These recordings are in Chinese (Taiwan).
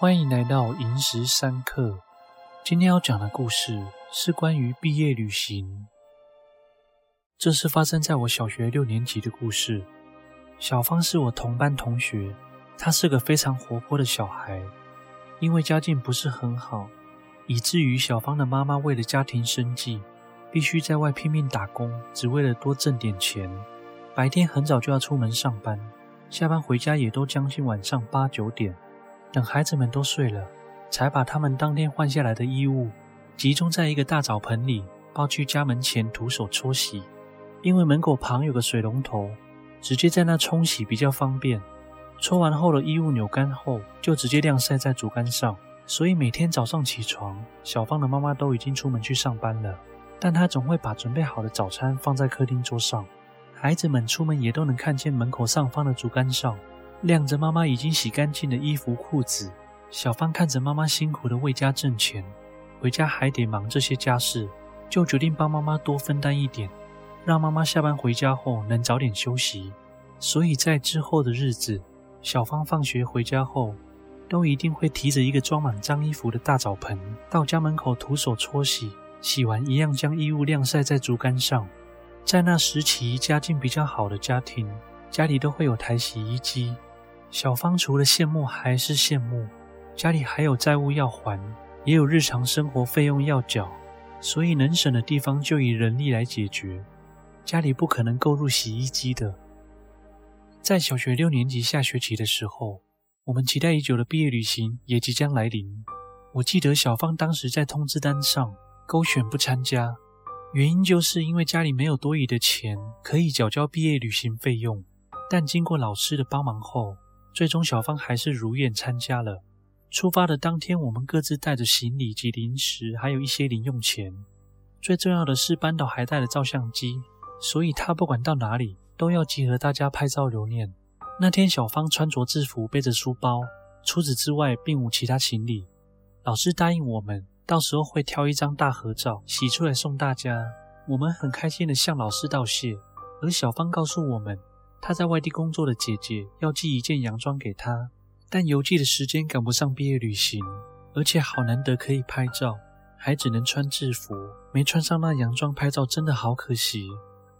歡迎來到寅時三刻。今天要講的故事是關於畢業旅行。這是發生在我小學六年級的故事。小芳是我同班同學，她是個非常活潑的小孩。因為家境不是很好，以至於小芳的媽媽為了家庭生計，必須在外拼命打工，只為了多掙點錢。白天很早就要出門上班，下班回家也都將近晚上八九點。等孩子們都睡了，才把他們當天換下來的衣物集中在一個大澡盆裡，抱去家門前徒手搓洗。因為門口旁有個水龍頭，直接在那沖洗比較方便。搓完後的衣物扭乾後，就直接晾曬在竹竿上。所以每天早上起床，小芳的媽媽都已經出門去上班了，但她總會把準備好的早餐放在客廳桌上，孩子們出門也都能看見門口上方的竹竿上。晾着媽媽已經洗乾淨的衣服褲子，小芳看着媽媽辛苦的為家掙錢，回家還得忙這些家事，就決定幫媽媽多分擔一點，讓媽媽下班回家後能早點休息。所以在之後的日子，小芳放學回家後，都一定會提着一個裝滿髒衣服的大澡盆到家門口徒手搓洗，洗完一樣將衣物晾曬在竹竿上。在那時期，家境比較好的家庭，家裡都會有台洗衣機。小芳除了羨慕還是羨慕，家裡還有債務要還，也有日常生活費用要繳，所以能省的地方就以人力來解決，家裡不可能購入洗衣機的。在小學六年級下學期的時候，我們期待已久的畢業旅行也即將來臨。我記得小芳當時在通知單上勾選不參加，原因就是因為家裡沒有多餘的錢可以繳交畢業旅行費用，但經過老師的幫忙後，最終，小芳還是如願參加了。出發的當天，我們各自帶着行李及零食，還有一些零用錢。最重要的是，班導還帶了照相機，所以他不管到哪裡都要集合大家拍照留念。那天，小芳穿着制服，背着書包，除此之外並無其他行李。老師答應我們，到時候會挑一張大合照洗出來送大家。我們很開心的向老師道謝，而小芳告訴我們。他在外地工作的姐姐要寄一件洋裝給他，但郵寄的時間趕不上畢業旅行，而且好難得可以拍照，還只能穿制服，沒穿上那洋裝拍照真的好可惜。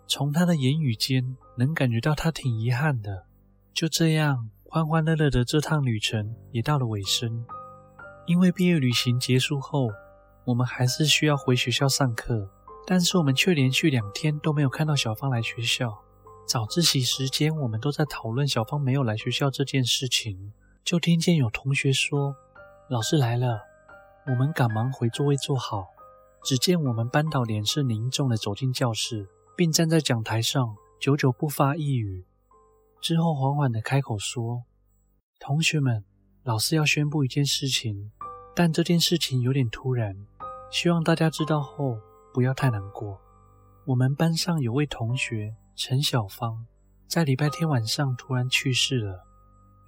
從他的言語間能感覺到他挺遺憾的。就這樣，歡歡樂樂的這趟旅程也到了尾聲。因為畢業旅行結束後，我們還是需要回學校上課，但是我們卻連續兩天都沒有看到小芳來學校。早自習時間，我們都在討論小芳沒有來學校這件事情，就聽見有同學說：“老師來了。”我們趕忙回座位坐好。只見我們班導臉色凝重地走進教室，並站在講台上，久久不發一語。之後，緩緩地開口說：“同學們，老師要宣布一件事情，但這件事情有點突然，希望大家知道後不要太難過。我們班上有位同學。”陳小芳在禮拜天晚上突然去世了。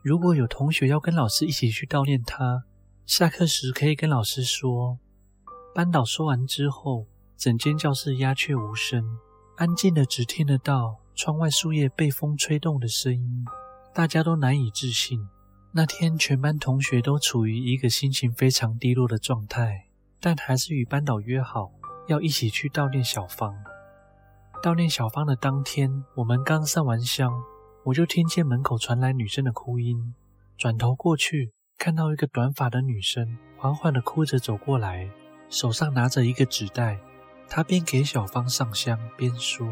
如果有同學要跟老師一起去悼念她，下課時可以跟老師說。班導說完之後，整間教室鴉雀無聲，安靜的只聽得到窗外樹葉被風吹動的聲音。大家都難以置信。那天全班同學都處於一個心情非常低落的狀態，但還是與班導約好要一起去悼念小芳。悼念小芳的當天，我們剛上完香，我就聽見門口傳來女生的哭音。轉頭過去，看到一個短髮的女生，緩緩地哭着走過來，手上拿着一個紙袋。她邊給小芳上香邊說：“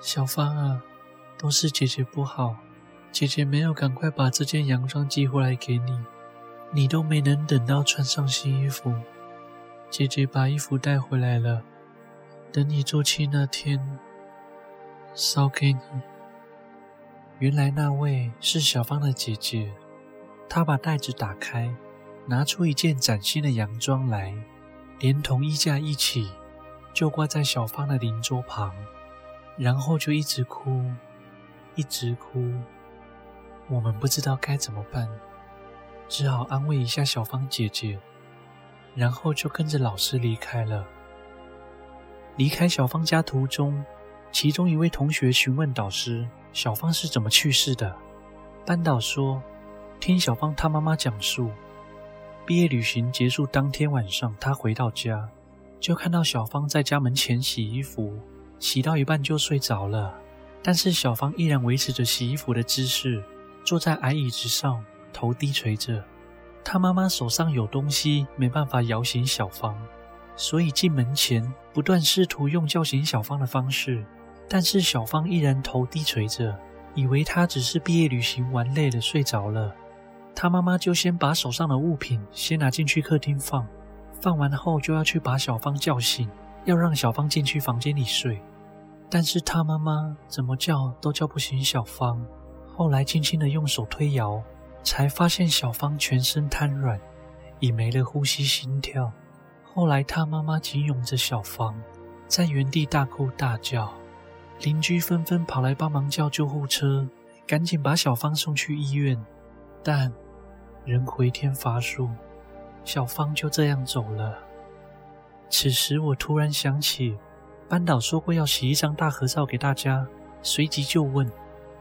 小芳啊，都是姐姐不好，姐姐沒有趕快把這件洋裝寄回來給你，你都沒能等到穿上新衣服。姐姐把衣服帶回來了。”等你做七那天，燒給你。原來那位是小芳的姐姐，她把袋子打開，拿出一件嶄新的洋裝來，連同衣架一起，就掛在小芳的鄰桌旁，然後就一直哭，一直哭。我們不知道該怎麼辦，只好安慰一下小芳姐姐，然後就跟着老師離開了。離開小芳家途中，其中一位同學詢問導師：“小芳是怎麼去世的？”班導說：“聽小芳她媽媽講述，畢業旅行結束當天晚上，她回到家就看到小芳在家門前洗衣服，洗到一半就睡着了。但是小芳依然維持着洗衣服的姿勢，坐在矮椅子上，頭低垂着。她媽媽手上有東西，沒辦法搖醒小芳。”所以進門前，不斷試圖用叫醒小芳的方式，但是小芳依然頭低垂着，以為她只是畢業旅行玩累了睡着了。她媽媽就先把手上的物品先拿進去客廳放，放完後就要去把小芳叫醒，要讓小芳進去房間裡睡。但是她媽媽怎麼叫都叫不醒小芳，後來輕輕地用手推搖，才發現小芳全身癱軟，已沒了呼吸心跳。後來，他媽媽緊擁着小芳，在原地大哭大叫，鄰居紛紛跑來幫忙叫救護車，趕緊把小芳送去醫院，但人回天乏術，小芳就這樣走了。此時，我突然想起，班導說過要洗一張大合照給大家，隨即就問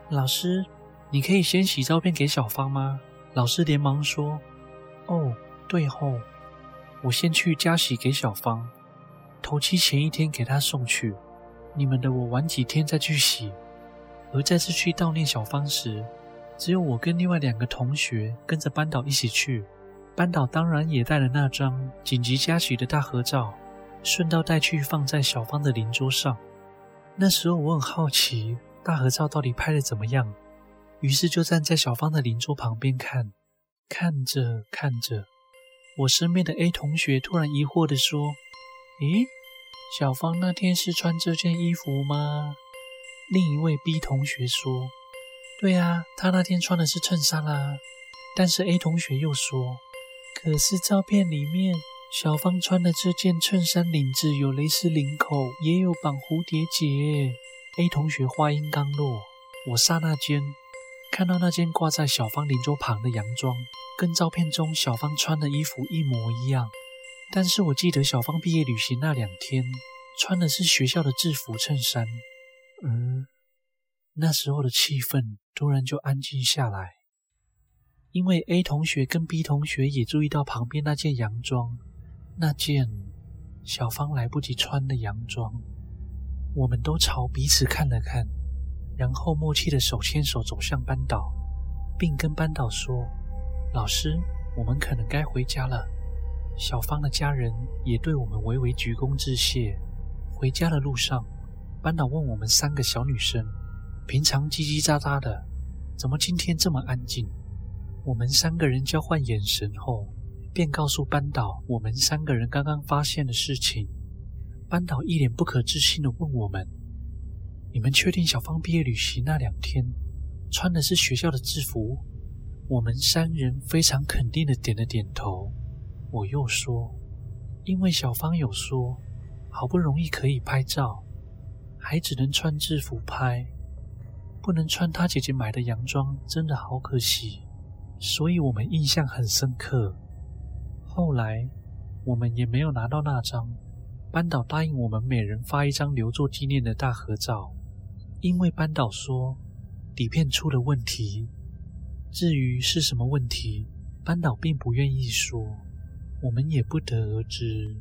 老師：“你可以先洗照片給小芳嗎？”老師連忙說：“哦，對哦。”我先去加洗給小芳，頭七前一天給她送去。你們的我晚幾天再去洗。而再次去悼念小芳時，只有我跟另外兩個同學跟着班導一起去。班導當然也帶了那張緊急加洗的大合照，順道帶去放在小芳的靈桌上。那時候我很好奇大合照到底拍得怎麼樣，於是就站在小芳的靈桌旁邊看，看着看着。我身邊的 A 同學突然疑惑地說：“咦，小芳那天是穿這件衣服嗎？”另一位 B 同學說：“對啊，她那天穿的是襯衫啦、啊。”但是 A 同學又說：“可是照片裡面小芳穿的這件襯衫領子有蕾絲領口，也有綁蝴蝶結。”A 同學話音剛落，我剎那間，看到那件掛在小芳鄰桌旁的洋裝，跟照片中小芳穿的衣服一模一樣。但是我記得小芳畢業旅行那兩天穿的是學校的制服襯衫，而那時候的氣氛突然就安靜下來，因為 A 同學跟 B 同學也注意到旁邊那件洋裝，那件小芳來不及穿的洋裝。我們都朝彼此看了看。然後默契的手牽手走向班導，並跟班導說：“老師，我們可能該回家了。”小芳的家人也對我們微微鞠躬致謝。回家的路上，班導問我們三個小女生：“平常嘰嘰喳喳的，怎麼今天這麼安靜？”我們三個人交換眼神後，便告訴班導我們三個人剛剛發現的事情。班導一臉不可置信的問我們。你們確定小芳畢業旅行那兩天穿的是學校的制服？我們三人非常肯定地點了點頭。我又說，因為小芳有說，好不容易可以拍照，還只能穿制服拍，不能穿她姐姐買的洋裝，真的好可惜。所以我們印象很深刻。後來我們也沒有拿到那張，班導答應我們每人發一張留作紀念的大合照。因為班導說底片出了問題，至於是什麼問題，班導並不願意說，我們也不得而知。